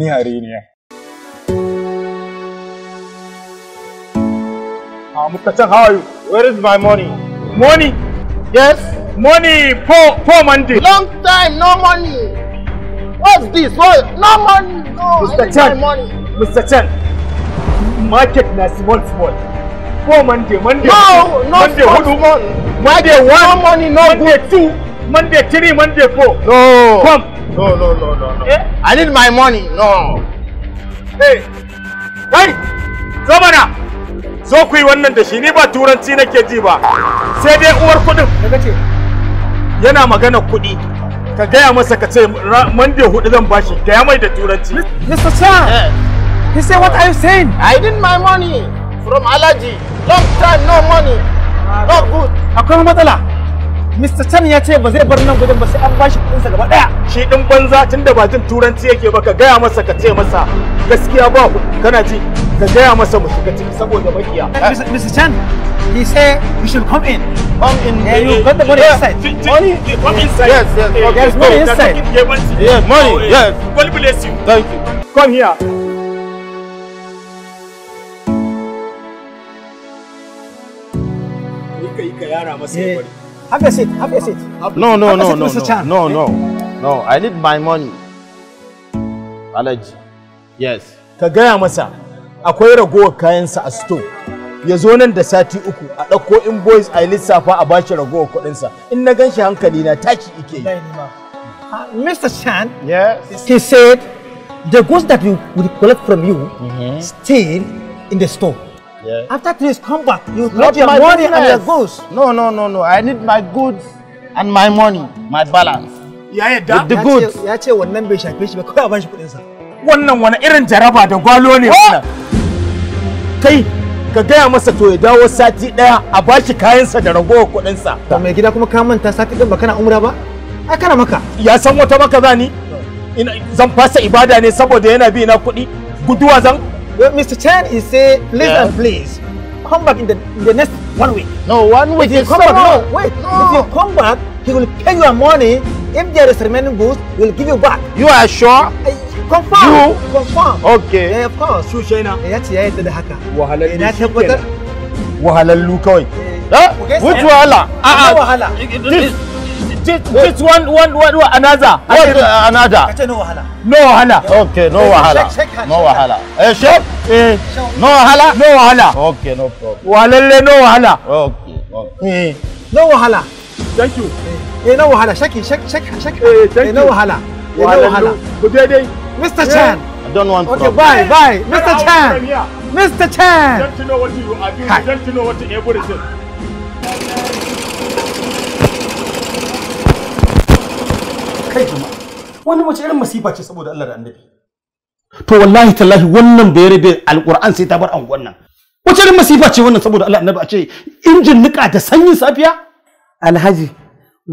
yareniya Ah, Mukachan, how are you? Where is my money? Money? Yes? Money! Poor, poor Monday! Long time, no money! What's this? What? No money! No, Mr. I need Chan, my money! Mr. Chan, market na small small. Poor Monday, Monday. No, no small, small. Monday one, no money, no Monday good. two, Monday three, Monday four. No. Come. No, no, no, no, no. Eh? I need my money. No. Hey. Hey. Zo mana. Zo ku yi wannan da shi ni ba turanci nake ji ba. Sai dai uwar kudin. Daga ce. Yana magana kudi. Ka gaya masa ka ce Monday hudu zan bashi. Gaya mai da turanci. Mr. Chan. Yeah. He said what are you saying? I need my money from allergy. Long time no money. Ah. Not good. Akwai matsala. Mr. Chan ya ce ba zai bar nan gudun ba sai an bashi kuɗinsa gaba ɗaya. Shi ɗin banza tun da ba jin turanci yake ba ka gaya masa ka ce masa gaskiya ba ku kana ji ka gaya masa mu shiga ciki saboda makiya. Mr. Chan, he say you should come in. Come in. Yeah, you eh, got the money inside. Money? Come inside. Yes, yes. Eh, eh, oh, okay. There's money inside. Yes, money. Oh, yes. God bless you. Thank you. Come here. ka yara masa Have a seat. Have a seat. No, no, no, no, no, no, no, no. I need my money. Alaji. Yes. Ka gaya masa akwai ragowar kayansa a store. Ya zo nan da sati uku a ɗauko in boys a lissafa a bashi ragowar kuɗinsa. In na ganshi hankali na tashi ike yi. Mr. Chan, yes. he said the goods that we will collect from you mm -hmm. stay in the store. Yeah. After three years, come back. You drop your money business. and your goods. No, no, no, no. I need my goods and my money, my balance. Yeah, yadda? With the goods. Yeah, yeah, Ya ce wannan bai shafe shi ba, kawai a bashi kuɗinsa. Wannan wani irin jaraba da gwalo ne wannan. Kai, ka gaya masa to ya dawo sati ɗaya a bashi kayansa da ragowar kuɗinsa. Ba mai gida kuma ka manta sati ɗin ba kana umra ba? Ai kana maka. Ya san wata maka zani? ni? Zan fasa ibada ne saboda yana bi na kuɗi? Guduwa zan Well, Mr. Chen is say, yeah. and please, come back in the, in the next one week. No, one week if you come back, no, wait. No. If you come back, he will pay a money. If there is remaining goods, we'll give you back. You are sure? I, confirm. You? Confirm. Okay. Yeah, of course. True, China. Yeah, yeah, yeah, haka. Wahalar Wahalar Lukoy. Eh, which wahala? Ah, wahala. This. Just, just one, one, one, one, another. What uh, another? Okay, no wahala. No wahala. Yeah. Okay, no wahala. No wahala. Eh, chef? Eh. No wahala? No wahala. Okay, no problem. Walele, no wahala. Okay, okay. Eh. No wahala. Thank you. Eh, eh no wahala. Shake, shake, shake, shake. Eh, thank eh, you. No wahala. Eh, No wahala. Good day. day. Mr. Chan. I don't want problem. Okay, bye, bye. Mr. Chan. Mr. Chan. Don't you know what you are doing? Don't you know what everybody said? kai kuma wani mace irin masifa ce saboda Allah da annabi to wallahi tallahi wannan da bai rabe alquran sai ta bar an wannan wace irin masifa ce wannan saboda Allah annabi a ce injin nika da sanyin safiya alhaji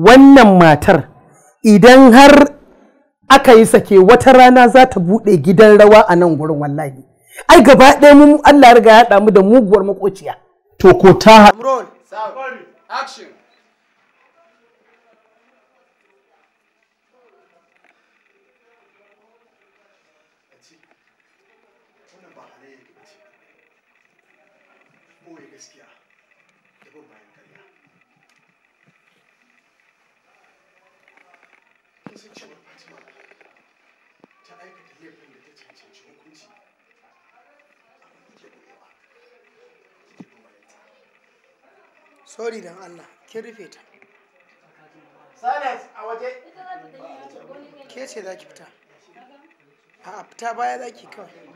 wannan matar idan har aka yi sake wata rana za ta buɗe gidan rawa a nan gurin wallahi ai gaba ɗaya mu Allah ya riga ya haɗa mu da muguwar makociya to ko ta action ce wannan gaskiya da bayan karya kin san cewa fatima ta aikata laifin da ta cancanci hukunci bayan ta sorry dan Allah kin rufe ta Silence a waje. Ke ce za ki fita. a fita baya za ki kawai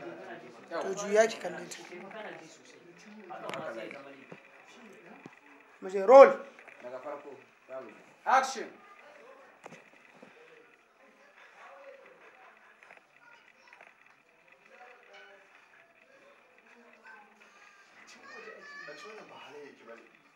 to juya ki kalle ta Thank you.